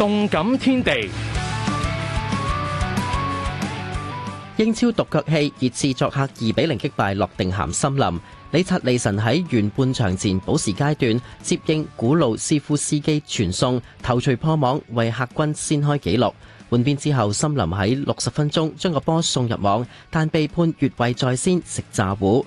動感天地，英超獨腳戲，熱刺作客二比零擊敗諾定咸森林。李察利臣喺前半場前補時階段接應古魯斯夫斯基傳送頭槌破網，為客軍先開紀錄。換邊之後，森林喺六十分鐘將個波送入網，但被判越位在先，食詐糊。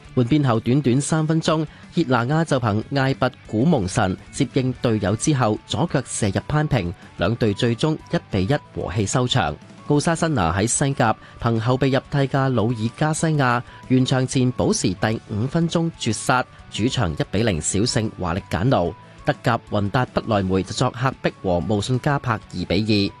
換邊後短短三分鐘，熱拿亞就憑艾拔古蒙神接應隊友之後左腳射入攀平，兩隊最終一比一和氣收場。奧沙辛拿喺西甲憑後備入替嘅魯爾加西亞完場前補時第五分鐘絕殺，主場一比零小勝華歷簡奴。德甲雲達不來梅就作客逼和慕遜加柏二比二。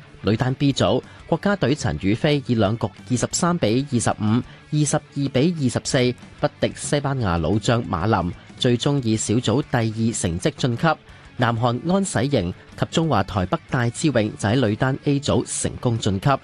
女單 B 組，國家隊陳雨菲以兩局二十三比二十五、二十二比二十四不敵西班牙老將馬林，最終以小組第二成績晉級。南韓安洗瑩及中華台北戴資穎就喺女單 A 組成功晉級。